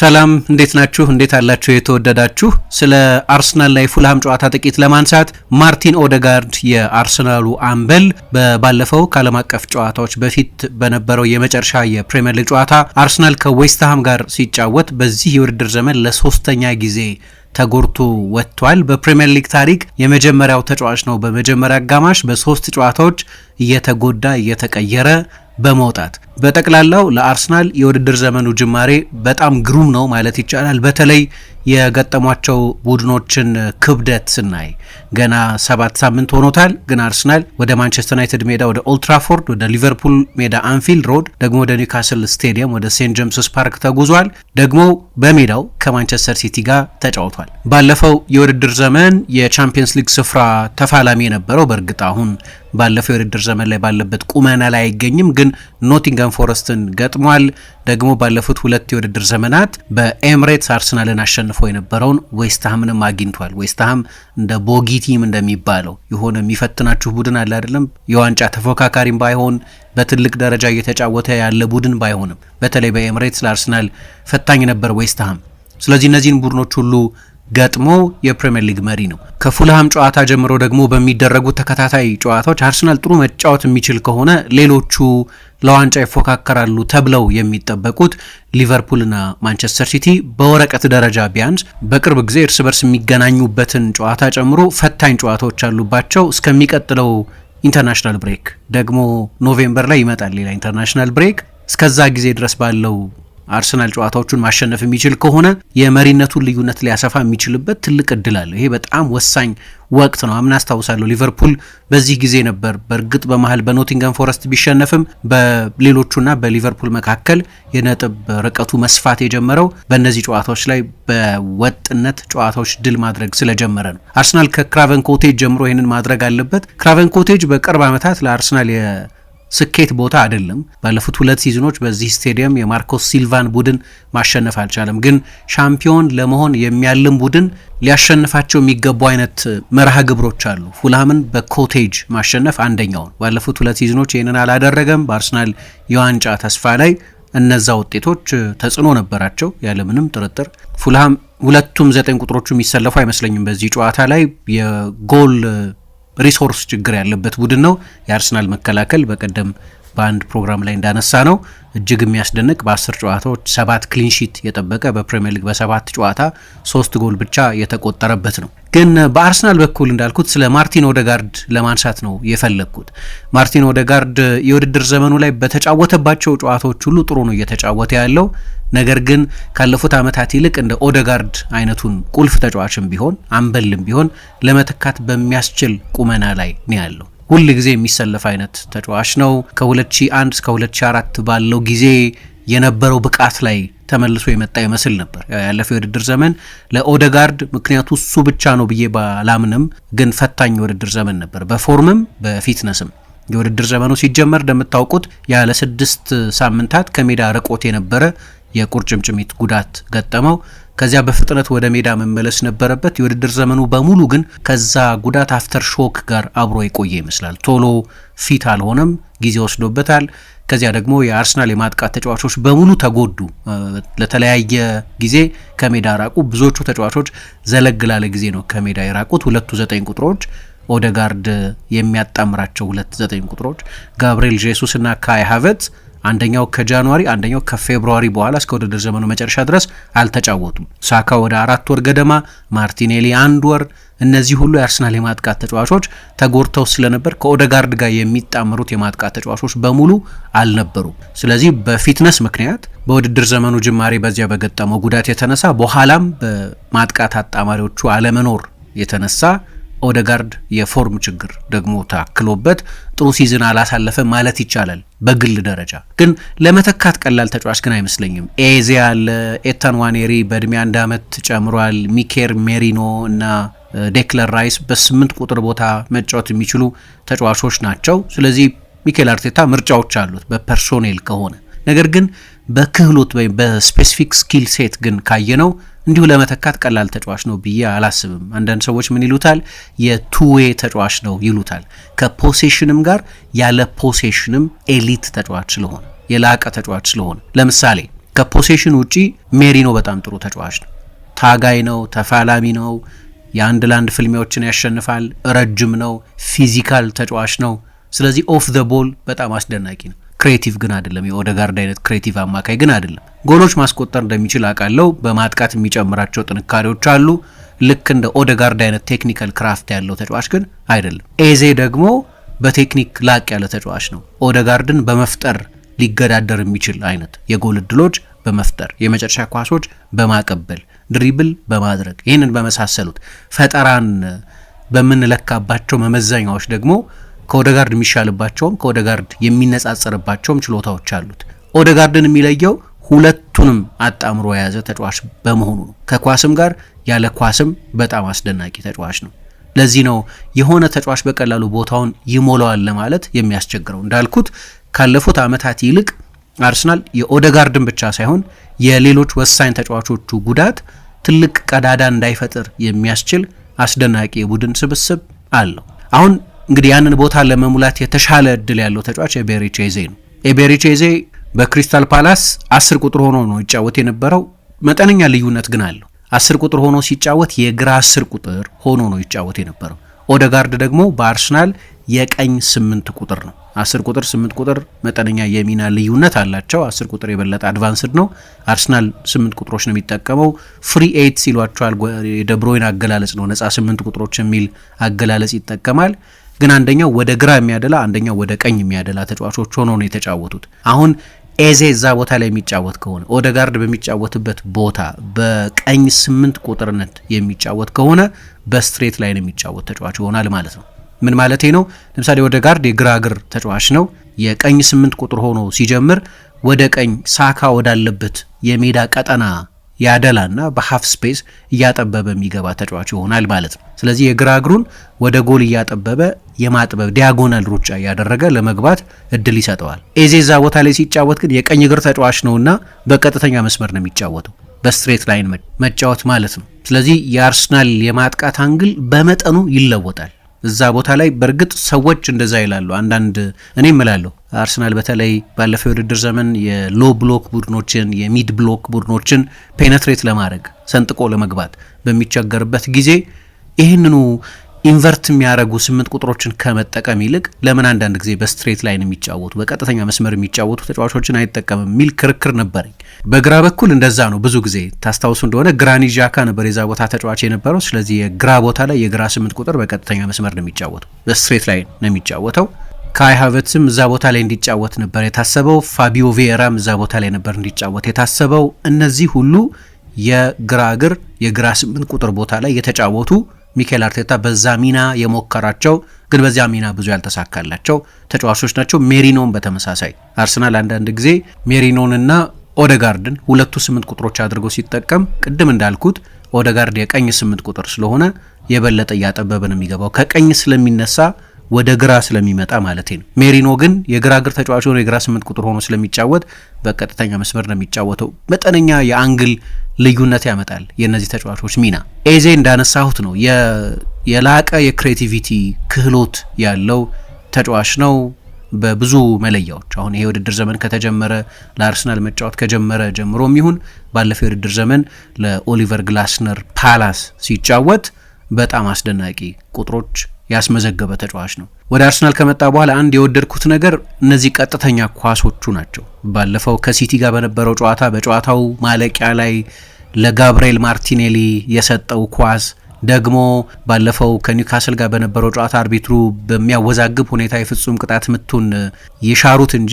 ሰላም እንዴት ናችሁ? እንዴት አላችሁ? የተወደዳችሁ ስለ አርሰናል ላይ ፉልሃም ጨዋታ ጥቂት ለማንሳት ማርቲን ኦደጋርድ የአርሰናሉ አምበል በባለፈው ከዓለም አቀፍ ጨዋታዎች በፊት በነበረው የመጨረሻ የፕሪምየር ሊግ ጨዋታ አርሰናል ከዌስትሃም ጋር ሲጫወት በዚህ የውድድር ዘመን ለሶስተኛ ጊዜ ተጎድቶ ወጥቷል። በፕሪምየር ሊግ ታሪክ የመጀመሪያው ተጫዋች ነው። በመጀመሪያ አጋማሽ በሶስት ጨዋታዎች እየተጎዳ እየተቀየረ በመውጣት በጠቅላላው ለአርሰናል የውድድር ዘመኑ ጅማሬ በጣም ግሩም ነው ማለት ይቻላል። በተለይ የገጠሟቸው ቡድኖችን ክብደት ስናይ ገና ሰባት ሳምንት ሆኖታል፣ ግን አርሰናል ወደ ማንቸስተር ዩናይትድ ሜዳ፣ ወደ ኦልትራፎርድ፣ ወደ ሊቨርፑል ሜዳ አንፊልድ ሮድ፣ ደግሞ ወደ ኒውካስል ስቴዲየም፣ ወደ ሴንት ጀምስስ ፓርክ ተጉዟል። ደግሞ በሜዳው ከማንቸስተር ሲቲ ጋር ተጫውቷል። ባለፈው የውድድር ዘመን የቻምፒየንስ ሊግ ስፍራ ተፋላሚ የነበረው በእርግጥ አሁን ባለፈው የውድድር ዘመን ላይ ባለበት ቁመና ላይ አይገኝም። ግን ኖቲንጋም ፎረስትን ገጥሟል። ደግሞ ባለፉት ሁለት የውድድር ዘመናት በኤምሬትስ አርሰናልን አሸንፎ የነበረውን ዌስትሃምንም አግኝቷል። ዌስትሃም እንደ ቦጊ ቲም እንደሚባለው የሆነ የሚፈትናችሁ ቡድን አለ አይደለም። የዋንጫ ተፎካካሪም ባይሆን በትልቅ ደረጃ እየተጫወተ ያለ ቡድን ባይሆንም፣ በተለይ በኤምሬትስ ለአርሰናል ፈታኝ ነበር ዌስትሃም። ስለዚህ እነዚህን ቡድኖች ሁሉ ገጥሞ የፕሪምየር ሊግ መሪ ነው። ከፉልሃም ጨዋታ ጀምሮ ደግሞ በሚደረጉት ተከታታይ ጨዋታዎች አርሰናል ጥሩ መጫወት የሚችል ከሆነ ሌሎቹ ለዋንጫ ይፎካከራሉ ተብለው የሚጠበቁት ሊቨርፑልና ማንቸስተር ሲቲ በወረቀት ደረጃ ቢያንስ በቅርብ ጊዜ እርስ በርስ የሚገናኙበትን ጨዋታ ጨምሮ ፈታኝ ጨዋታዎች አሉባቸው። እስከሚቀጥለው ኢንተርናሽናል ብሬክ ደግሞ ኖቬምበር ላይ ይመጣል ሌላ ኢንተርናሽናል ብሬክ። እስከዛ ጊዜ ድረስ ባለው አርሰናል ጨዋታዎቹን ማሸነፍ የሚችል ከሆነ የመሪነቱን ልዩነት ሊያሰፋ የሚችልበት ትልቅ እድል አለ። ይሄ በጣም ወሳኝ ወቅት ነው። አምና አስታውሳለሁ ሊቨርፑል በዚህ ጊዜ ነበር። በእርግጥ በመሀል በኖቲንገም ፎረስት ቢሸነፍም በሌሎቹና በሊቨርፑል መካከል የነጥብ ርቀቱ መስፋት የጀመረው በእነዚህ ጨዋታዎች ላይ በወጥነት ጨዋታዎች ድል ማድረግ ስለጀመረ ነው። አርሰናል ከክራቨን ኮቴጅ ጀምሮ ይህንን ማድረግ አለበት። ክራቨን ኮቴጅ በቅርብ ዓመታት ለአርሰናል ስኬት ቦታ አይደለም። ባለፉት ሁለት ሲዝኖች በዚህ ስቴዲየም የማርኮስ ሲልቫን ቡድን ማሸነፍ አልቻለም። ግን ሻምፒዮን ለመሆን የሚያልም ቡድን ሊያሸንፋቸው የሚገቡ አይነት መርሃ ግብሮች አሉ። ፉልሃምን በኮቴጅ ማሸነፍ አንደኛውን። ባለፉት ሁለት ሲዝኖች ይህንን አላደረገም። በአርሰናል የዋንጫ ተስፋ ላይ እነዛ ውጤቶች ተጽዕኖ ነበራቸው ያለምንም ጥርጥር። ፉልሃም ሁለቱም ዘጠኝ ቁጥሮቹ የሚሰለፉ አይመስለኝም በዚህ ጨዋታ ላይ የጎል ሪሶርስ ችግር ያለበት ቡድን ነው። የአርሰናል መከላከል በቀደም በአንድ ፕሮግራም ላይ እንዳነሳ ነው እጅግ የሚያስደንቅ በአስር ጨዋታዎች ሰባት ክሊንሺት የጠበቀ በፕሪምየር ሊግ በሰባት ጨዋታ ሶስት ጎል ብቻ የተቆጠረበት ነው። ግን በአርሰናል በኩል እንዳልኩት ስለ ማርቲን ኦደጋርድ ለማንሳት ነው የፈለግኩት። ማርቲን ኦደጋርድ የውድድር ዘመኑ ላይ በተጫወተባቸው ጨዋታዎች ሁሉ ጥሩ ነው እየተጫወተ ያለው ነገር ግን ካለፉት ዓመታት ይልቅ እንደ ኦደጋርድ አይነቱን ቁልፍ ተጫዋችም ቢሆን አምበልም ቢሆን ለመተካት በሚያስችል ቁመና ላይ ነው ያለው። ሁል ጊዜ የሚሰለፍ አይነት ተጫዋች ነው። ከ2001 እስከ 2004 ባለው ጊዜ የነበረው ብቃት ላይ ተመልሶ የመጣ ይመስል ነበር። ያለፈው የውድድር ዘመን ለኦደጋርድ ምክንያቱ እሱ ብቻ ነው ብዬ ባላምንም፣ ግን ፈታኝ የውድድር ዘመን ነበር በፎርምም በፊትነስም። የውድድር ዘመኑ ሲጀመር እንደምታውቁት ያለ ስድስት ሳምንታት ከሜዳ ርቆት የነበረ የቁርጭምጭሚት ጉዳት ገጠመው። ከዚያ በፍጥነት ወደ ሜዳ መመለስ ነበረበት። የውድድር ዘመኑ በሙሉ ግን ከዛ ጉዳት አፍተር ሾክ ጋር አብሮ የቆየ ይመስላል። ቶሎ ፊት አልሆነም፣ ጊዜ ወስዶበታል። ከዚያ ደግሞ የአርሰናል የማጥቃት ተጫዋቾች በሙሉ ተጎዱ። ለተለያየ ጊዜ ከሜዳ ራቁ። ብዙዎቹ ተጫዋቾች ዘለግ ላለ ጊዜ ነው ከሜዳ የራቁት። ሁለቱ ዘጠኝ ቁጥሮች ኦደጋርድ የሚያጣምራቸው ሁለት ዘጠኝ ቁጥሮች ጋብርኤል ጄሱስ እና ካይ ሃቨርትዝ አንደኛው ከጃንዋሪ አንደኛው ከፌብሩዋሪ በኋላ እስከ ውድድር ዘመኑ መጨረሻ ድረስ አልተጫወቱም። ሳካ ወደ አራት ወር ገደማ፣ ማርቲኔሊ አንድ ወር። እነዚህ ሁሉ የአርሰናል የማጥቃት ተጫዋቾች ተጎድተው ስለነበር ከኦደጋርድ ጋር የሚጣመሩት የማጥቃት ተጫዋቾች በሙሉ አልነበሩም። ስለዚህ በፊትነስ ምክንያት በውድድር ዘመኑ ጅማሬ በዚያ በገጠመው ጉዳት የተነሳ በኋላም በማጥቃት አጣማሪዎቹ አለመኖር የተነሳ ኦደጋርድ የፎርም ችግር ደግሞ ታክሎበት ጥሩ ሲዝን አላሳለፈ ማለት ይቻላል። በግል ደረጃ ግን ለመተካት ቀላል ተጫዋች ግን አይመስለኝም። ኤዜ አለ፣ ኤታን ዋኔሪ በእድሜ አንድ ዓመት ጨምሯል። ሚኬር ሜሪኖ እና ዴክለር ራይስ በስምንት ቁጥር ቦታ መጫወት የሚችሉ ተጫዋቾች ናቸው። ስለዚህ ሚኬል አርቴታ ምርጫዎች አሉት በፐርሶኔል ከሆነ ነገር ግን በክህሎት ወይም በስፔሲፊክ ስኪል ሴት ግን ካየነው እንዲሁ ለመተካት ቀላል ተጫዋች ነው ብዬ አላስብም። አንዳንድ ሰዎች ምን ይሉታል? የቱዌ ተጫዋች ነው ይሉታል። ከፖሴሽንም ጋር ያለ ፖሴሽንም ኤሊት ተጫዋች ስለሆነ የላቀ ተጫዋች ስለሆነ፣ ለምሳሌ ከፖሴሽን ውጪ ሜሪኖ በጣም ጥሩ ተጫዋች ነው። ታጋይ ነው፣ ተፋላሚ ነው፣ የአንድ ለአንድ ፍልሚያዎችን ያሸንፋል፣ ረጅም ነው፣ ፊዚካል ተጫዋች ነው። ስለዚህ ኦፍ ዘ ቦል በጣም አስደናቂ ነው። ክሬቲቭ ግን አይደለም። የኦደጋርድ አይነት ክሬቲቭ አማካይ ግን አይደለም። ጎሎች ማስቆጠር እንደሚችል አውቃለሁ። በማጥቃት የሚጨምራቸው ጥንካሬዎች አሉ። ልክ እንደ ኦደጋርድ አይነት ቴክኒካል ክራፍት ያለው ተጫዋች ግን አይደለም። ኤዜ ደግሞ በቴክኒክ ላቅ ያለ ተጫዋች ነው። ኦደጋርድን በመፍጠር ሊገዳደር የሚችል አይነት የጎል እድሎች በመፍጠር የመጨረሻ ኳሶች በማቀበል ድሪብል በማድረግ ይህንን በመሳሰሉት ፈጠራን በምንለካባቸው መመዘኛዎች ደግሞ ከኦደጋርድ የሚሻልባቸውም ከኦደጋርድ የሚነጻጸርባቸውም ችሎታዎች አሉት። ኦደጋርድን የሚለየው ሁለቱንም አጣምሮ የያዘ ተጫዋች በመሆኑ ነው። ከኳስም ጋር ያለ ኳስም በጣም አስደናቂ ተጫዋች ነው። ለዚህ ነው የሆነ ተጫዋች በቀላሉ ቦታውን ይሞላዋል ለማለት የሚያስቸግረው። እንዳልኩት ካለፉት ዓመታት ይልቅ አርሰናል የኦደጋርድን ብቻ ሳይሆን የሌሎች ወሳኝ ተጫዋቾቹ ጉዳት ትልቅ ቀዳዳ እንዳይፈጥር የሚያስችል አስደናቂ የቡድን ስብስብ አለው አሁን እንግዲህ ያንን ቦታ ለመሙላት የተሻለ እድል ያለው ተጫዋች ኤቤሬቼዜ ነው። ኤቤሬቼዜ በክሪስታል ፓላስ አስር ቁጥር ሆኖ ነው ይጫወት የነበረው። መጠነኛ ልዩነት ግን አለው። አስር ቁጥር ሆኖ ሲጫወት የግራ አስር ቁጥር ሆኖ ነው ይጫወት የነበረው። ኦደጋርድ ደግሞ በአርሰናል የቀኝ ስምንት ቁጥር ነው። አስር ቁጥር ስምንት ቁጥር መጠነኛ የሚና ልዩነት አላቸው። አስር ቁጥር የበለጠ አድቫንስድ ነው። አርሰናል ስምንት ቁጥሮች ነው የሚጠቀመው። ፍሪ ኤይት ሲሏቸዋል። የደብሮይን አገላለጽ ነው። ነጻ ስምንት ቁጥሮች የሚል አገላለጽ ይጠቀማል። ግን አንደኛው ወደ ግራ የሚያደላ አንደኛው ወደ ቀኝ የሚያደላ ተጫዋቾች ሆኖ ነው የተጫወቱት። አሁን ኤዜ እዛ ቦታ ላይ የሚጫወት ከሆነ ኦደጋርድ በሚጫወትበት ቦታ በቀኝ ስምንት ቁጥርነት የሚጫወት ከሆነ በስትሬት ላይን የሚጫወት ተጫዋች ይሆናል ማለት ነው። ምን ማለት ነው? ለምሳሌ ኦደጋርድ የግራ እግር ተጫዋች ነው። የቀኝ ስምንት ቁጥር ሆኖ ሲጀምር ወደ ቀኝ ሳካ ወዳለበት የሜዳ ቀጠና ያደላና በሀፍ ስፔስ እያጠበበ የሚገባ ተጫዋች ይሆናል ማለት ነው። ስለዚህ የግራ እግሩን ወደ ጎል እያጠበበ የማጥበብ ዲያጎናል ሩጫ እያደረገ ለመግባት እድል ይሰጠዋል። ኤዜዛ ቦታ ላይ ሲጫወት ግን የቀኝ እግር ተጫዋች ነውና በቀጥተኛ መስመር ነው የሚጫወተው፣ በስትሬት ላይን መጫወት ማለት ነው። ስለዚህ የአርሰናል የማጥቃት አንግል በመጠኑ ይለወጣል። እዛ ቦታ ላይ በእርግጥ ሰዎች እንደዛ ይላሉ። አንዳንድ እኔ ምላለሁ አርሰናል በተለይ ባለፈው የውድድር ዘመን የሎ ብሎክ ቡድኖችን የሚድ ብሎክ ቡድኖችን ፔነትሬት ለማድረግ ሰንጥቆ ለመግባት በሚቸገርበት ጊዜ ይህንኑ ኢንቨርት የሚያደርጉ ስምንት ቁጥሮችን ከመጠቀም ይልቅ ለምን አንዳንድ ጊዜ በስትሬት ላይን የሚጫወቱ በቀጥተኛ መስመር የሚጫወቱ ተጫዋቾችን አይጠቀምም የሚል ክርክር ነበረኝ። በግራ በኩል እንደዛ ነው። ብዙ ጊዜ ታስታውሱ እንደሆነ ግራኒ ዣካ ነበር የዛ ቦታ ተጫዋች የነበረው። ስለዚህ የግራ ቦታ ላይ የግራ ስምንት ቁጥር በቀጥተኛ መስመር ነው የሚጫወተው፣ በስትሬት ላይን ነው የሚጫወተው። ካይ ሀቨትስም እዛ ቦታ ላይ እንዲጫወት ነበር የታሰበው። ፋቢዮ ቬራም እዛ ቦታ ላይ ነበር እንዲጫወት የታሰበው። እነዚህ ሁሉ የግራ እግር የግራ ስምንት ቁጥር ቦታ ላይ የተጫወቱ ሚካኤል አርቴታ በዛ ሚና የሞከራቸው ግን በዚያ ሚና ብዙ ያልተሳካላቸው ተጫዋቾች ናቸው። ሜሪኖን በተመሳሳይ አርሰናል አንዳንድ ጊዜ ሜሪኖንና ኦደጋርድን ሁለቱ ስምንት ቁጥሮች አድርጎ ሲጠቀም ቅድም እንዳልኩት ኦደጋርድ የቀኝ ስምንት ቁጥር ስለሆነ የበለጠ እያጠበበን የሚገባው ከቀኝ ስለሚነሳ ወደ ግራ ስለሚመጣ ማለት ነው። ሜሪኖ ግን የግራ እግር ተጫዋች ሆኖ የግራ ስምንት ቁጥር ሆኖ ስለሚጫወት በቀጥተኛ መስመር ነው የሚጫወተው። መጠነኛ የአንግል ልዩነት ያመጣል የእነዚህ ተጫዋቾች ሚና። ኤዜ እንዳነሳሁት ነው የላቀ የክሬቲቪቲ ክህሎት ያለው ተጫዋች ነው በብዙ መለያዎች አሁን ይሄ ውድድር ዘመን ከተጀመረ ለአርሰናል መጫወት ከጀመረ ጀምሮ ይሁን ባለፈው የውድድር ዘመን ለኦሊቨር ግላስነር ፓላስ ሲጫወት በጣም አስደናቂ ቁጥሮች ያስመዘገበ ተጫዋች ነው። ወደ አርሰናል ከመጣ በኋላ አንድ የወደድኩት ነገር እነዚህ ቀጥተኛ ኳሶቹ ናቸው። ባለፈው ከሲቲ ጋር በነበረው ጨዋታ በጨዋታው ማለቂያ ላይ ለጋብርኤል ማርቲኔሊ የሰጠው ኳስ ደግሞ ባለፈው ከኒውካስል ጋር በነበረው ጨዋታ አርቢትሩ በሚያወዛግብ ሁኔታ የፍጹም ቅጣት ምቱን የሻሩት እንጂ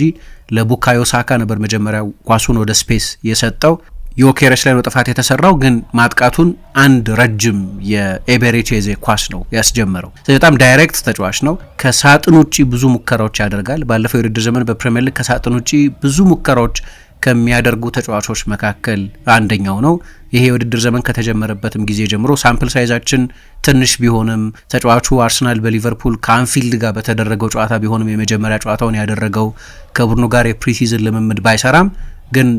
ለቡካዮ ሳካ ነበር መጀመሪያ ኳሱን ወደ ስፔስ የሰጠው። ዮኬረስ ላይ ነው ጥፋት የተሰራው፣ ግን ማጥቃቱን አንድ ረጅም የኤቤሬቼዜ ኳስ ነው ያስጀመረው። በጣም ዳይሬክት ተጫዋች ነው። ከሳጥን ውጭ ብዙ ሙከራዎች ያደርጋል። ባለፈው የውድድር ዘመን በፕሪምየር ሊግ ከሳጥን ውጭ ብዙ ሙከራዎች ከሚያደርጉ ተጫዋቾች መካከል አንደኛው ነው። ይሄ የውድድር ዘመን ከተጀመረበትም ጊዜ ጀምሮ ሳምፕል ሳይዛችን ትንሽ ቢሆንም ተጫዋቹ አርሰናል በሊቨርፑል ከአንፊልድ ጋር በተደረገው ጨዋታ ቢሆንም የመጀመሪያ ጨዋታውን ያደረገው ከቡድኑ ጋር የፕሪሲዝን ልምምድ ባይሰራም ግን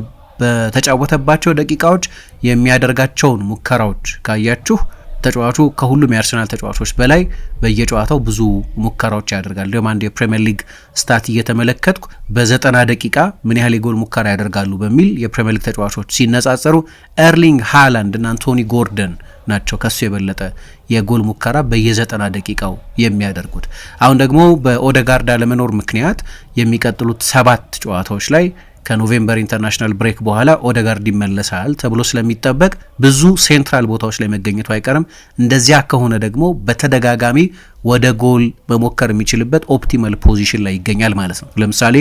በተጫወተባቸው ደቂቃዎች የሚያደርጋቸውን ሙከራዎች ካያችሁ ተጫዋቹ ከሁሉም የአርሰናል ተጫዋቾች በላይ በየጨዋታው ብዙ ሙከራዎች ያደርጋል። እንዲሁም አንድ የፕሪምየር ሊግ ስታት እየተመለከትኩ በዘጠና ደቂቃ ምን ያህል የጎል ሙከራ ያደርጋሉ በሚል የፕሪምየር ሊግ ተጫዋቾች ሲነጻጸሩ ኤርሊንግ ሃላንድ እና አንቶኒ ጎርደን ናቸው ከሱ የበለጠ የጎል ሙከራ በየዘጠና ደቂቃው የሚያደርጉት። አሁን ደግሞ በኦደጋርድ አለመኖር ምክንያት የሚቀጥሉት ሰባት ጨዋታዎች ላይ ከኖቬምበር ኢንተርናሽናል ብሬክ በኋላ ኦደጋርድ ይመለሳል ተብሎ ስለሚጠበቅ ብዙ ሴንትራል ቦታዎች ላይ መገኘቱ አይቀርም። እንደዚያ ከሆነ ደግሞ በተደጋጋሚ ወደ ጎል መሞከር የሚችልበት ኦፕቲማል ፖዚሽን ላይ ይገኛል ማለት ነው። ለምሳሌ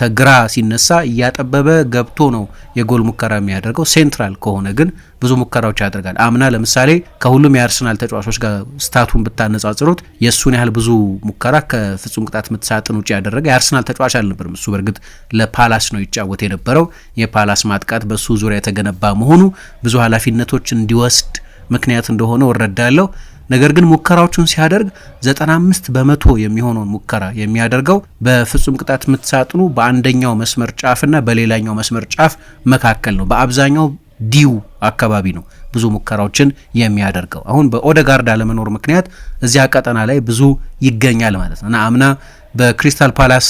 ከግራ ሲነሳ እያጠበበ ገብቶ ነው የጎል ሙከራ የሚያደርገው። ሴንትራል ከሆነ ግን ብዙ ሙከራዎች ያደርጋል። አምና ለምሳሌ ከሁሉም የአርሰናል ተጫዋቾች ጋር ስታቱን ብታነጻጽሩት የእሱን ያህል ብዙ ሙከራ ከፍጹም ቅጣት ምት ሳጥን ውጭ ያደረገ የአርሰናል ተጫዋች አልነበርም። እሱ በእርግጥ ለፓላስ ነው ይጫወት የነበረው። የፓላስ ማጥቃት በእሱ ዙሪያ የተገነባ መሆኑ ብዙ ኃላፊነቶች እንዲወስድ ምክንያት እንደሆነ እረዳለሁ። ነገር ግን ሙከራዎቹን ሲያደርግ 95 በመቶ የሚሆነውን ሙከራ የሚያደርገው በፍጹም ቅጣት ምት ሳጥኑ በአንደኛው መስመር ጫፍና በሌላኛው መስመር ጫፍ መካከል ነው። በአብዛኛው ዲው አካባቢ ነው ብዙ ሙከራዎችን የሚያደርገው። አሁን በኦደጋርድ አለመኖር ምክንያት እዚያ ቀጠና ላይ ብዙ ይገኛል ማለት ነው እና አምና በክሪስታል ፓላስ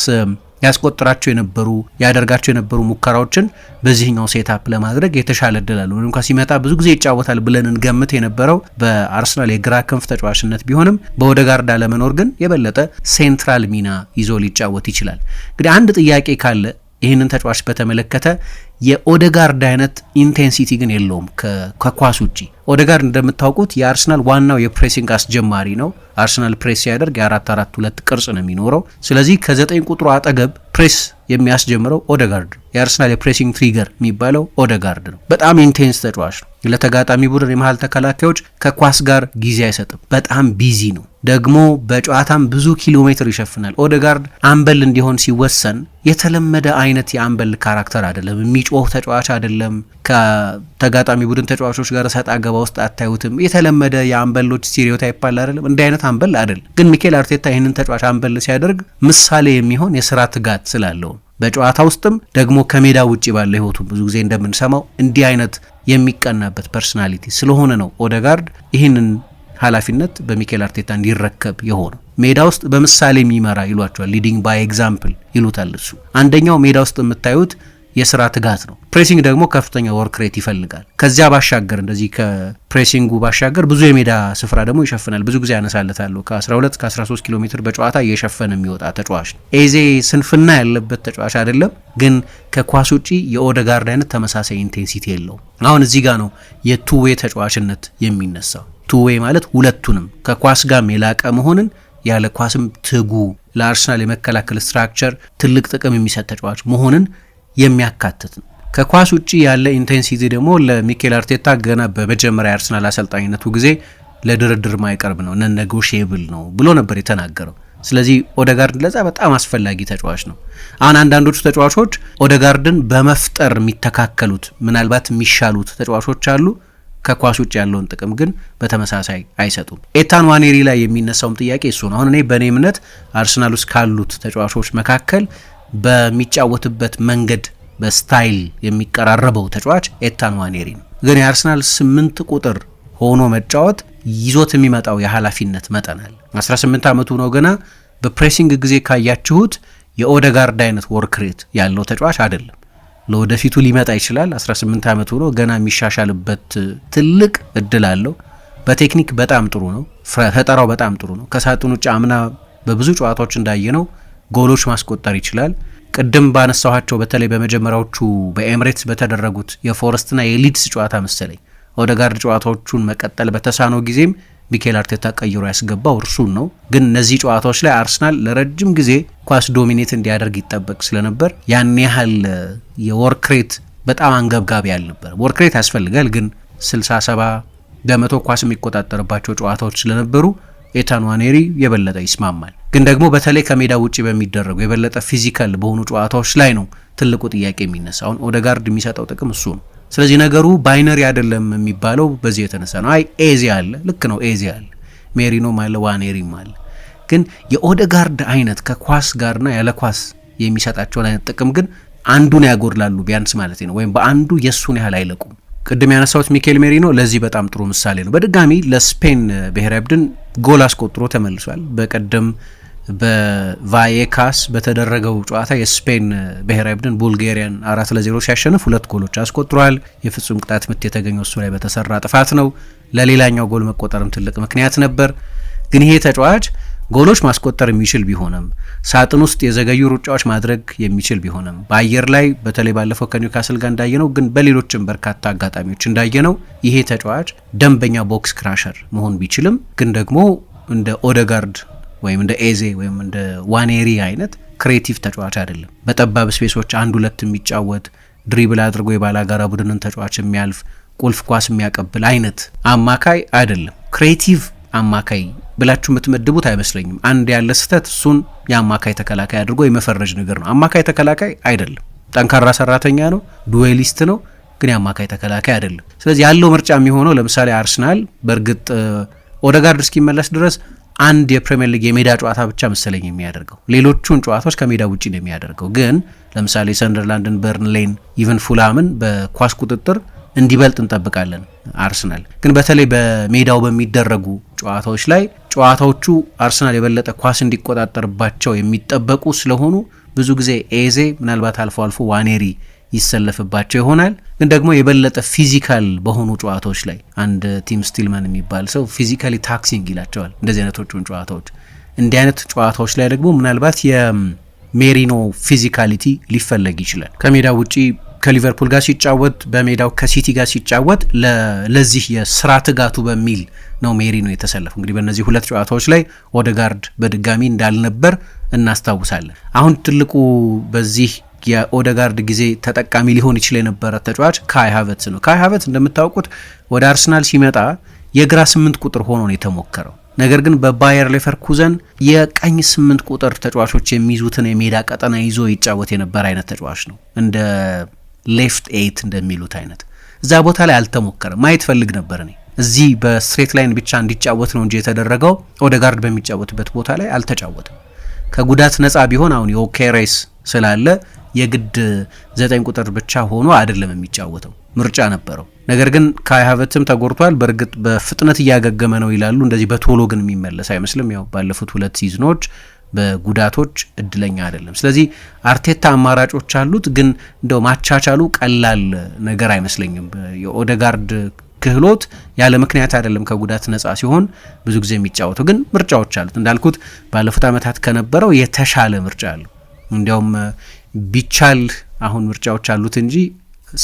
ያስቆጥራቸው የነበሩ ያደርጋቸው የነበሩ ሙከራዎችን በዚህኛው ሴታፕ ለማድረግ የተሻለ እድል አለ። ወይም ሲመጣ ብዙ ጊዜ ይጫወታል ብለን እንገምት የነበረው በአርሰናል የግራ ክንፍ ተጫዋችነት ቢሆንም በኦደጋርድ አለመኖር ግን የበለጠ ሴንትራል ሚና ይዞ ሊጫወት ይችላል። እንግዲህ አንድ ጥያቄ ካለ ይህንን ተጫዋች በተመለከተ የኦደጋርድ አይነት ኢንቴንሲቲ ግን የለውም ከኳስ ውጪ። ኦደጋርድ እንደምታውቁት የአርሰናል ዋናው የፕሬሲንግ አስጀማሪ ነው። አርሰናል ፕሬስ ሲያደርግ የአራት አራት ሁለት ቅርጽ ነው የሚኖረው። ስለዚህ ከዘጠኝ ቁጥሩ አጠገብ ፕሬስ የሚያስጀምረው ኦደጋርድ ነው። የአርሰናል የፕሬሲንግ ትሪገር የሚባለው ኦደጋርድ ነው። በጣም ኢንቴንስ ተጫዋች ነው። ለተጋጣሚ ቡድን የመሀል ተከላካዮች ከኳስ ጋር ጊዜ አይሰጥም። በጣም ቢዚ ነው። ደግሞ በጨዋታም ብዙ ኪሎ ሜትር ይሸፍናል። ኦደጋርድ አምበል እንዲሆን ሲወሰን የተለመደ አይነት የአምበል ካራክተር አይደለም። የሚጮህ ተጫዋች አይደለም። ከተጋጣሚ ቡድን ተጫዋቾች ጋር ሰጥ አገባ ውስጥ አታዩትም። የተለመደ የአምበሎች ስቴሪዮታይፕ አለ አይደለም። እንዲህ አይነት አምበል አይደል። ግን ሚኬል አርቴታ ይህንን ተጫዋች አምበል ሲያደርግ ምሳሌ የሚሆን የስራ ትጋት ስላለው በጨዋታ ውስጥም ደግሞ ከሜዳ ውጭ ባለ ህይወቱ ብዙ ጊዜ እንደምንሰማው እንዲህ አይነት የሚቀናበት ፐርሶናሊቲ ስለሆነ ነው ኦደጋርድ ይህንን ኃላፊነት በሚኬል አርቴታ እንዲረከብ የሆነው። ሜዳ ውስጥ በምሳሌ የሚመራ ይሏቸዋል፣ ሊዲንግ ባይ ኤግዛምፕል ይሉታል። እሱ አንደኛው ሜዳ ውስጥ የምታዩት የስራ ትጋት ነው። ፕሬሲንግ ደግሞ ከፍተኛ ወርክ ሬት ይፈልጋል። ከዚያ ባሻገር እንደዚህ ከፕሬሲንጉ ባሻገር ብዙ የሜዳ ስፍራ ደግሞ ይሸፍናል። ብዙ ጊዜ ያነሳለታለሁ። ከ12 ከ13 ኪሎ ሜትር በጨዋታ እየሸፈነ የሚወጣ ተጫዋች ነው። ኤዜ ስንፍና ያለበት ተጫዋች አይደለም፣ ግን ከኳስ ውጪ የኦደጋርድ አይነት ተመሳሳይ ኢንቴንሲቲ የለውም። አሁን እዚህ ጋር ነው የቱዌ ተጫዋችነት የሚነሳው። ቱዌ ማለት ሁለቱንም ከኳስ ጋርም የላቀ መሆንን ያለ ኳስም ትጉ ለአርሰናል የመከላከል ስትራክቸር ትልቅ ጥቅም የሚሰጥ ተጫዋች መሆንን የሚያካትት ነው። ከኳስ ውጭ ያለ ኢንቴንሲቲ ደግሞ ለሚኬል አርቴታ ገና በመጀመሪያ የአርሰናል አሰልጣኝነቱ ጊዜ ለድርድር ማይቀርብ ነው ነነጎሽብል ነው ብሎ ነበር የተናገረው። ስለዚህ ኦደጋርድ ለዛ በጣም አስፈላጊ ተጫዋች ነው። አሁን አንዳንዶቹ ተጫዋቾች ኦደጋርድን በመፍጠር የሚተካከሉት ምናልባት የሚሻሉት ተጫዋቾች አሉ። ከኳስ ውጭ ያለውን ጥቅም ግን በተመሳሳይ አይሰጡም። ኤታን ዋኔሪ ላይ የሚነሳውም ጥያቄ እሱ ነው። አሁን እኔ በእኔ እምነት አርሰናል ውስጥ ካሉት ተጫዋቾች መካከል በሚጫወትበት መንገድ በስታይል የሚቀራረበው ተጫዋች ኤታን ዋኔሪ ነው። ግን የአርሰናል ስምንት ቁጥር ሆኖ መጫወት ይዞት የሚመጣው የኃላፊነት መጠን አለ። 18 ዓመቱ ነው ገና። በፕሬሲንግ ጊዜ ካያችሁት የኦደጋርድ አይነት ወርክሬት ያለው ተጫዋች አይደለም። ለወደፊቱ ሊመጣ ይችላል። 18 ዓመቱ ነው ገና። የሚሻሻልበት ትልቅ እድል አለው። በቴክኒክ በጣም ጥሩ ነው። ፈጠራው በጣም ጥሩ ነው። ከሳጥን ውጭ አምና በብዙ ጨዋታዎች እንዳየ ነው ጎሎች ማስቆጠር ይችላል። ቅድም ባነሳኋቸው በተለይ በመጀመሪያዎቹ በኤምሬትስ በተደረጉት የፎረስትና የሊድስ ጨዋታ መሰለኝ ኦደጋርድ ጨዋታዎቹን መቀጠል በተሳነው ጊዜም ሚኬል አርቴታ ቀይሮ ያስገባው እርሱን ነው። ግን እነዚህ ጨዋታዎች ላይ አርሰናል ለረጅም ጊዜ ኳስ ዶሚኔት እንዲያደርግ ይጠበቅ ስለነበር ያን ያህል የወርክሬት በጣም አንገብጋቢ አልነበረም። ወርክሬት ያስፈልጋል፣ ግን 67 በመቶ ኳስ የሚቆጣጠርባቸው ጨዋታዎች ስለነበሩ ኤታን ዋኔሪ የበለጠ ይስማማል። ግን ደግሞ በተለይ ከሜዳ ውጭ በሚደረጉ የበለጠ ፊዚካል በሆኑ ጨዋታዎች ላይ ነው ትልቁ ጥያቄ የሚነሳ። አሁን ኦደጋርድ የሚሰጠው ጥቅም እሱ ነው። ስለዚህ ነገሩ ባይነሪ አይደለም የሚባለው በዚህ የተነሳ ነው። አይ ኤዚ አለ፣ ልክ ነው፣ ኤዚ አለ፣ ሜሪኖም አለ፣ ዋኔሪም አለ። ግን የኦደጋርድ አይነት ከኳስ ጋርና ያለ ኳስ የሚሰጣቸውን አይነት ጥቅም ግን አንዱን ያጎድላሉ ቢያንስ ማለት ነው፣ ወይም በአንዱ የእሱን ያህል አይለቁም። ቅድም ያነሳሁት ሚኬል ሜሪኖ ለዚህ በጣም ጥሩ ምሳሌ ነው። በድጋሚ ለስፔን ብሔራዊ ቡድን ጎል አስቆጥሮ ተመልሷል። በቀደም በቫየካስ በተደረገው ጨዋታ የስፔን ብሔራዊ ቡድን ቡልጋሪያን አራት ለዜሮ ሲያሸንፍ ሁለት ጎሎች አስቆጥሯል። የፍጹም ቅጣት ምት የተገኘው እሱ ላይ በተሰራ ጥፋት ነው። ለሌላኛው ጎል መቆጠርም ትልቅ ምክንያት ነበር። ግን ይሄ ተጫዋች ጎሎች ማስቆጠር የሚችል ቢሆንም ሳጥን ውስጥ የዘገዩ ሩጫዎች ማድረግ የሚችል ቢሆንም በአየር ላይ በተለይ ባለፈው ከኒውካስል ጋር እንዳየነው ግን በሌሎችም በርካታ አጋጣሚዎች እንዳየነው ይሄ ተጫዋች ደንበኛ ቦክስ ክራሸር መሆን ቢችልም ግን ደግሞ እንደ ኦደጋርድ ወይም እንደ ኤዜ ወይም እንደ ዋኔሪ አይነት ክሬቲቭ ተጫዋች አይደለም። በጠባብ ስፔሶች አንድ ሁለት የሚጫወት ድሪብል አድርጎ የባላጋራ ቡድንን ተጫዋች የሚያልፍ ቁልፍ ኳስ የሚያቀብል አይነት አማካይ አይደለም። ክሬቲቭ አማካይ ብላችሁ የምትመድቡት አይመስለኝም። አንድ ያለ ስህተት እሱን የአማካይ ተከላካይ አድርጎ የመፈረጅ ነገር ነው። አማካይ ተከላካይ አይደለም። ጠንካራ ሰራተኛ ነው፣ ዱዌሊስት ነው፣ ግን የአማካይ ተከላካይ አይደለም። ስለዚህ ያለው ምርጫ የሚሆነው ለምሳሌ አርሰናል በእርግጥ ኦደጋርድ እስኪመለስ ድረስ አንድ የፕሪምየር ሊግ የሜዳ ጨዋታ ብቻ መሰለኝ የሚያደርገው፣ ሌሎቹን ጨዋታዎች ከሜዳ ውጭ ነው የሚያደርገው። ግን ለምሳሌ ሰንደርላንድን፣ በርንሌን፣ ኢቨን ፉላምን በኳስ ቁጥጥር እንዲበልጥ እንጠብቃለን። አርሰናል ግን በተለይ በሜዳው በሚደረጉ ጨዋታዎች ላይ ጨዋታዎቹ አርሰናል የበለጠ ኳስ እንዲቆጣጠርባቸው የሚጠበቁ ስለሆኑ ብዙ ጊዜ ኤዜ ምናልባት አልፎ አልፎ ዋኔሪ ይሰለፍባቸው ይሆናል። ግን ደግሞ የበለጠ ፊዚካል በሆኑ ጨዋታዎች ላይ አንድ ቲም ስቲልመን የሚባል ሰው ፊዚካሊ ታክሲንግ ይላቸዋል እንደዚህ አይነቶቹን ጨዋታዎች። እንዲህ አይነት ጨዋታዎች ላይ ደግሞ ምናልባት የሜሪኖ ፊዚካሊቲ ሊፈለግ ይችላል ከሜዳ ውጪ ከሊቨርፑል ጋር ሲጫወት በሜዳው ከሲቲ ጋር ሲጫወት ለዚህ የስራ ትጋቱ በሚል ነው ሜሪኖ የተሰለፉ። እንግዲህ በእነዚህ ሁለት ጨዋታዎች ላይ ኦደጋርድ በድጋሚ እንዳልነበር እናስታውሳለን። አሁን ትልቁ በዚህ የኦደጋርድ ጊዜ ተጠቃሚ ሊሆን ይችል የነበረ ተጫዋች ካይ ሃቨትስ ነው። ካይ ሃቨትስ እንደምታውቁት ወደ አርሰናል ሲመጣ የግራ ስምንት ቁጥር ሆኖ ነው የተሞከረው። ነገር ግን በባየር ሌቨርኩዘን የቀኝ ስምንት ቁጥር ተጫዋቾች የሚይዙትን የሜዳ ቀጠና ይዞ ይጫወት የነበረ አይነት ተጫዋች ነው። እንደ ሌፍት ኤት እንደሚሉት አይነት እዛ ቦታ ላይ አልተሞከረም። ማየት ፈልግ ነበር እኔ እዚህ በስትሬት ላይን ብቻ እንዲጫወት ነው እንጂ የተደረገው ኦደጋርድ በሚጫወትበት ቦታ ላይ አልተጫወትም። ከጉዳት ነፃ ቢሆን አሁን የኦኬሬስ ስላለ የግድ ዘጠኝ ቁጥር ብቻ ሆኖ አይደለም የሚጫወተው፣ ምርጫ ነበረው። ነገር ግን ካይ ተጎርቷል ተጎድቷል። በእርግጥ በፍጥነት እያገገመ ነው ይላሉ። እንደዚህ በቶሎ ግን የሚመለስ አይመስልም። ያው ባለፉት ሁለት ሲዝኖች በጉዳቶች እድለኛ አይደለም። ስለዚህ አርቴታ አማራጮች አሉት፣ ግን እንደው ማቻቻሉ ቀላል ነገር አይመስለኝም። የኦደጋርድ ክህሎት ያለ ምክንያት አይደለም ከጉዳት ነፃ ሲሆን ብዙ ጊዜ የሚጫወተው። ግን ምርጫዎች አሉት እንዳልኩት ባለፉት ዓመታት ከነበረው የተሻለ ምርጫ አለ። እንዲያውም ቢቻል አሁን ምርጫዎች አሉት እንጂ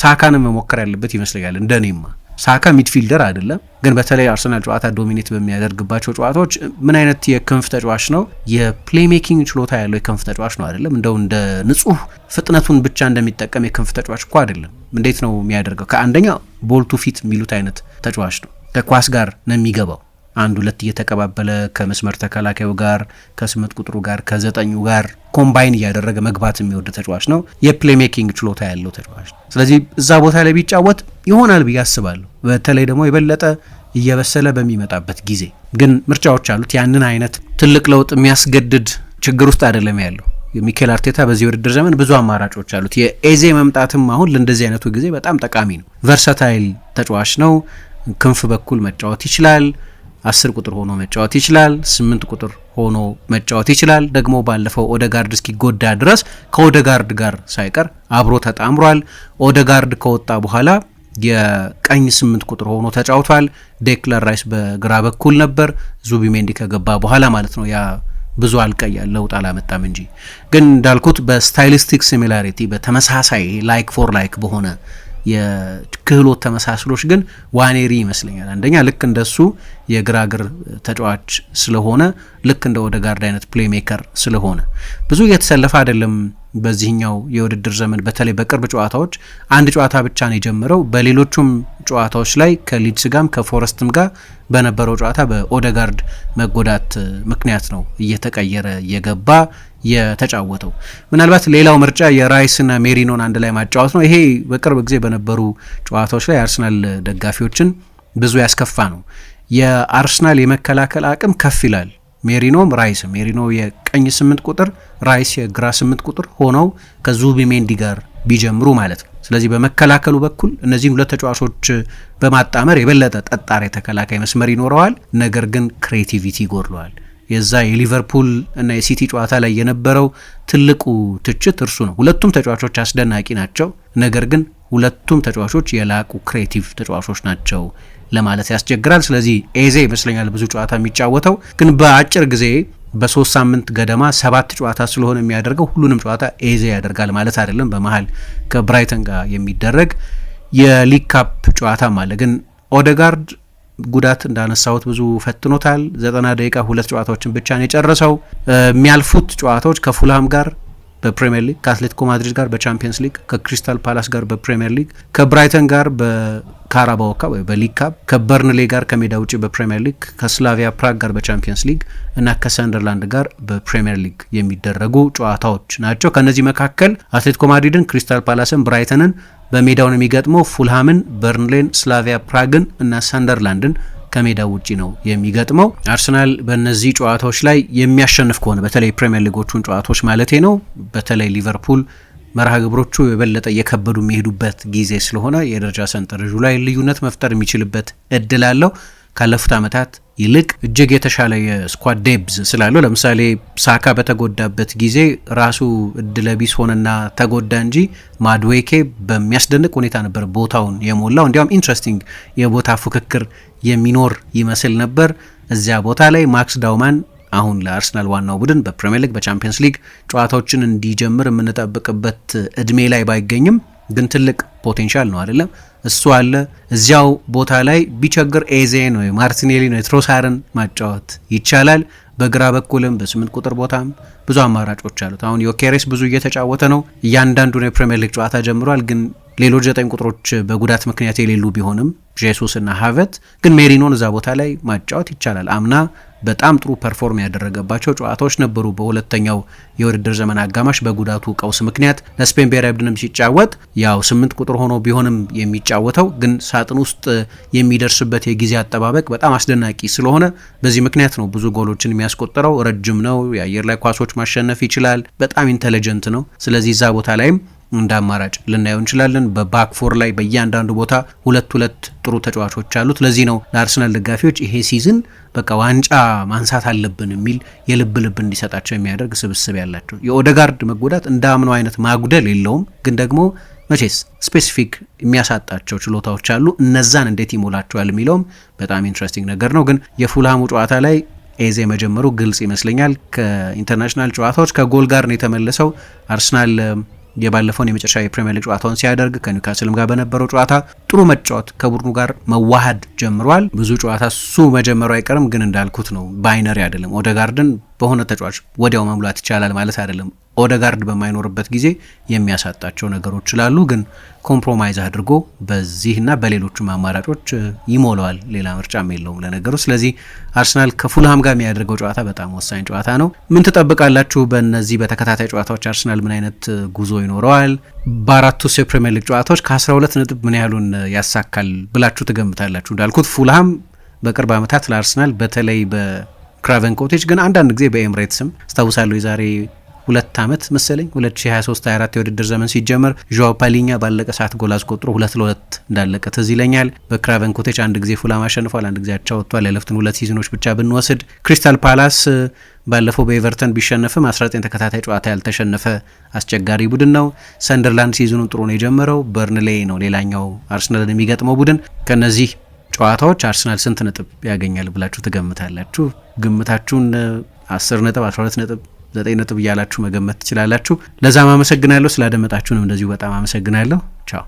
ሳካን መሞከር ያለበት ይመስለኛል እንደኔማ ሳካ ሚድፊልደር አይደለም፣ ግን በተለይ አርሰናል ጨዋታ ዶሚኔት በሚያደርግባቸው ጨዋታዎች ምን አይነት የክንፍ ተጫዋች ነው? የፕሌይሜኪንግ ችሎታ ያለው የክንፍ ተጫዋች ነው አይደለም። እንደው እንደ ንጹህ ፍጥነቱን ብቻ እንደሚጠቀም የክንፍ ተጫዋች እኮ አይደለም። እንዴት ነው የሚያደርገው? ከአንደኛ ቦልቱ ፊት የሚሉት አይነት ተጫዋች ነው። ከኳስ ጋር ነው የሚገባው አንድ ሁለት እየተቀባበለ ከመስመር ተከላካዩ ጋር ከስምንት ቁጥሩ ጋር ከዘጠኙ ጋር ኮምባይን እያደረገ መግባት የሚወድ ተጫዋች ነው። የፕሌሜኪንግ ችሎታ ያለው ተጫዋች ነው። ስለዚህ እዛ ቦታ ላይ ቢጫወት ይሆናል ብዬ አስባለሁ። በተለይ ደግሞ የበለጠ እየበሰለ በሚመጣበት ጊዜ ግን ምርጫዎች አሉት። ያንን አይነት ትልቅ ለውጥ የሚያስገድድ ችግር ውስጥ አይደለም ያለው ሚኬል አርቴታ። በዚህ ውድድር ዘመን ብዙ አማራጮች አሉት። የኤዜ መምጣትም አሁን ለእንደዚህ አይነቱ ጊዜ በጣም ጠቃሚ ነው። ቨርሳታይል ተጫዋች ነው። ክንፍ በኩል መጫወት ይችላል። አስር ቁጥር ሆኖ መጫወት ይችላል። ስምንት ቁጥር ሆኖ መጫወት ይችላል። ደግሞ ባለፈው ኦደጋርድ እስኪጎዳ ድረስ ከኦደጋርድ ጋር ሳይቀር አብሮ ተጣምሯል። ኦደጋርድ ከወጣ በኋላ የቀኝ ስምንት ቁጥር ሆኖ ተጫውቷል። ዴክለር ራይስ በግራ በኩል ነበር፣ ዙቢሜንዲ ከገባ በኋላ ማለት ነው። ያ ብዙ አልቀያል ለውጥ አላመጣም እንጂ ግን እንዳልኩት በስታይሊስቲክ ሲሚላሪቲ በተመሳሳይ ላይክ ፎር ላይክ በሆነ የክህሎት ተመሳስሎች ግን ዋኔሪ ይመስለኛል። አንደኛ ልክ እንደሱ የግራግር ተጫዋች ስለሆነ ልክ እንደ ኦደጋርድ አይነት ፕሌሜከር ስለሆነ ብዙ እየተሰለፈ አይደለም በዚህኛው የውድድር ዘመን በተለይ በቅርብ ጨዋታዎች አንድ ጨዋታ ብቻ ነው የጀመረው። በሌሎቹም ጨዋታዎች ላይ ከሊድስ ጋም ከፎረስትም ጋር በነበረው ጨዋታ በኦደጋርድ መጎዳት ምክንያት ነው እየተቀየረ የገባ የተጫወተው። ምናልባት ሌላው ምርጫ የራይስና ሜሪኖን አንድ ላይ ማጫወት ነው። ይሄ በቅርብ ጊዜ በነበሩ ጨዋታዎች ላይ የአርሰናል ደጋፊዎችን ብዙ ያስከፋ ነው። የአርሰናል የመከላከል አቅም ከፍ ይላል ሜሪኖም ራይስ ሜሪኖ የቀኝ ስምንት ቁጥር ራይስ የግራ ስምንት ቁጥር ሆነው ሜንዲ ጋር ቢጀምሩ ማለት ነው። ስለዚህ በመከላከሉ በኩል እነዚህን ሁለት ተጫዋቾች በማጣመር የበለጠ ጠጣር የተከላካይ መስመር ይኖረዋል። ነገር ግን ክሬቲቪቲ ይጎድለዋል። የዛ የሊቨርፑል እና የሲቲ ጨዋታ ላይ የነበረው ትልቁ ትችት እርሱ ነው። ሁለቱም ተጫዋቾች አስደናቂ ናቸው። ነገር ግን ሁለቱም ተጫዋቾች የላቁ ክሬቲቭ ተጫዋቾች ናቸው ለማለት ያስቸግራል። ስለዚህ ኤዜ ይመስለኛል ብዙ ጨዋታ የሚጫወተው ግን በአጭር ጊዜ በሶስት ሳምንት ገደማ ሰባት ጨዋታ ስለሆነ የሚያደርገው ሁሉንም ጨዋታ ኤዜ ያደርጋል ማለት አይደለም። በመሀል ከብራይተን ጋር የሚደረግ የሊግ ካፕ ጨዋታም አለ። ግን ኦደጋርድ ጉዳት እንዳነሳሁት ብዙ ፈትኖታል። ዘጠና ደቂቃ ሁለት ጨዋታዎችን ብቻ ነው የጨረሰው። የሚያልፉት ጨዋታዎች ከፉልሃም ጋር በፕሪምየር ሊግ ከአትሌቲኮ ማድሪድ ጋር በቻምፒየንስ ሊግ ከክሪስታል ፓላስ ጋር በፕሪምየር ሊግ ከብራይተን ጋር በካራባው ካፕ ወይ በሊግ ካፕ ከበርንሌ ጋር ከሜዳ ውጭ በፕሪምየር ሊግ ከስላቪያ ፕራግ ጋር በቻምፒየንስ ሊግ እና ከሰንደርላንድ ጋር በፕሪምየር ሊግ የሚደረጉ ጨዋታዎች ናቸው። ከእነዚህ መካከል አትሌቲኮ ማድሪድን፣ ክሪስታል ፓላስን፣ ብራይተንን በሜዳውን የሚገጥመው ፉልሃምን፣ በርንሌን፣ ስላቪያ ፕራግን እና ሰንደርላንድን ከሜዳ ውጪ ነው የሚገጥመው። አርሰናል በእነዚህ ጨዋታዎች ላይ የሚያሸንፍ ከሆነ በተለይ ፕሪምየር ሊጎቹን ጨዋታዎች ማለቴ ነው በተለይ ሊቨርፑል መርሃ ግብሮቹ የበለጠ እየከበዱ የሚሄዱበት ጊዜ ስለሆነ የደረጃ ሰንጠረዡ ላይ ልዩነት መፍጠር የሚችልበት እድል አለው። ካለፉት ዓመታት ይልቅ እጅግ የተሻለ የስኳድ ዴብዝ ስላለው ለምሳሌ ሳካ በተጎዳበት ጊዜ ራሱ ቢስ ሆነና ተጎዳ እንጂ ማድዌኬ በሚያስደንቅ ሁኔታ ነበር ቦታውን የሞላው። እንዲያውም ኢንትረስቲንግ የቦታ ፉክክር የሚኖር ይመስል ነበር። እዚያ ቦታ ላይ ማክስ ዳውማን አሁን ለአርሰናል ዋናው ቡድን በፕሪምየር ሊግ በቻምፒየንስ ሊግ ጨዋታዎችን እንዲጀምር የምንጠብቅበት እድሜ ላይ ባይገኝም ግን ትልቅ ፖቴንሻል ነው አይደለም? እሱ አለ። እዚያው ቦታ ላይ ቢቸግር ኤዜን ወይ ማርቲኔሊ ወይ ትሮሳርን ማጫወት ይቻላል። በግራ በኩልም በስምንት ቁጥር ቦታም ብዙ አማራጮች አሉት። አሁን ዮኬሬስ ብዙ እየተጫወተ ነው። እያንዳንዱን የፕሪምየር ሊግ ጨዋታ ጀምሯል። ግን ሌሎች ዘጠኝ ቁጥሮች በጉዳት ምክንያት የሌሉ ቢሆንም ጄሱስ እና ሀቨት ግን ሜሪኖን እዛ ቦታ ላይ ማጫወት ይቻላል። አምና በጣም ጥሩ ፐርፎርም ያደረገባቸው ጨዋታዎች ነበሩ። በሁለተኛው የውድድር ዘመን አጋማሽ በጉዳቱ ቀውስ ምክንያት ለስፔን ብሔራዊ ቡድንም ሲጫወት ያው ስምንት ቁጥር ሆኖ ቢሆንም የሚጫወተው ግን ሳጥን ውስጥ የሚደርስበት የጊዜ አጠባበቅ በጣም አስደናቂ ስለሆነ በዚህ ምክንያት ነው ብዙ ጎሎችን የሚያስቆጠረው። ረጅም ነው፣ የአየር ላይ ኳሶች ማሸነፍ ይችላል፣ በጣም ኢንተለጀንት ነው። ስለዚህ እዛ ቦታ ላይም እንደ አማራጭ ልናየው እንችላለን። በባክፎር ላይ በእያንዳንዱ ቦታ ሁለት ሁለት ጥሩ ተጫዋቾች አሉት። ለዚህ ነው ለአርሰናል ደጋፊዎች ይሄ ሲዝን በቃ ዋንጫ ማንሳት አለብን የሚል የልብ ልብ እንዲሰጣቸው የሚያደርግ ስብስብ ያላቸው። የኦደጋርድ መጎዳት እንደ አምነው አይነት ማጉደል የለውም፣ ግን ደግሞ መቼስ ስፔሲፊክ የሚያሳጣቸው ችሎታዎች አሉ። እነዛን እንዴት ይሞላቸዋል የሚለውም በጣም ኢንትረስቲንግ ነገር ነው። ግን የፉልሃሙ ጨዋታ ላይ ኤዜ መጀመሩ ግልጽ ይመስለኛል። ከኢንተርናሽናል ጨዋታዎች ከጎል ጋር ነው የተመለሰው አርሰናል የባለፈውን የመጨረሻ የፕሪሚየር ሊግ ጨዋታውን ሲያደርግ ከኒውካስልም ጋር በነበረው ጨዋታ ጥሩ መጫወት ከቡድኑ ጋር መዋሃድ ጀምሯል። ብዙ ጨዋታ እሱ መጀመሩ አይቀርም፣ ግን እንዳልኩት ነው ባይነሪ አይደለም። ኦደጋርድን በሆነ ተጫዋች ወዲያው መሙላት ይቻላል ማለት አይደለም። ኦደጋርድ በማይኖርበት ጊዜ የሚያሳጣቸው ነገሮች ስላሉ ግን ኮምፕሮማይዝ አድርጎ በዚህና በሌሎቹም አማራጮች ይሞላዋል። ሌላ ምርጫም የለውም ለነገሩ። ስለዚህ አርሰናል ከፉልሃም ጋር የሚያደርገው ጨዋታ በጣም ወሳኝ ጨዋታ ነው። ምን ትጠብቃላችሁ? በእነዚህ በተከታታይ ጨዋታዎች አርሰናል ምን አይነት ጉዞ ይኖረዋል? በአራቱ የፕሪምየር ሊግ ጨዋታዎች ከ12 ነጥብ ምን ያህሉን ያሳካል ብላችሁ ትገምታላችሁ? እንዳልኩት ፉልሃም በቅርብ ዓመታት ለአርሰናል በተለይ በክራቨን ኮቴጅ ግን አንዳንድ ጊዜ በኤምሬትስም አስታውሳለሁ የዛሬ ሁለት ዓመት መሰለኝ 2023/24 የውድድር ዘመን ሲጀመር ዣዋ ፓሊኛ ባለቀ ሰዓት ጎል አስቆጥሮ ሁለት ለሁለት እንዳለቀ ትዝ ይለኛል። በክራቨን ኮቴች አንድ ጊዜ ፉላም አሸንፏል፣ አንድ ጊዜ አቻ ወጥቷል። ያለፉትን ሁለት ሲዝኖች ብቻ ብንወስድ ክሪስታል ፓላስ ባለፈው በኤቨርተን ቢሸነፍም 19 ተከታታይ ጨዋታ ያልተሸነፈ አስቸጋሪ ቡድን ነው። ሰንደርላንድ ሲዝኑን ጥሩ ነው የጀመረው። በርንሌይ ነው ሌላኛው አርሰናልን የሚገጥመው ቡድን። ከነዚህ ጨዋታዎች አርሰናል ስንት ነጥብ ያገኛል ብላችሁ ትገምታላችሁ? ግምታችሁን 10 ነጥብ 12 ነጥብ ዘጠኝ ነጥብ እያላችሁ መገመት ትችላላችሁ። ለዛም አመሰግናለሁ። ስላደመጣችሁንም እንደዚሁ በጣም አመሰግናለሁ። ቻው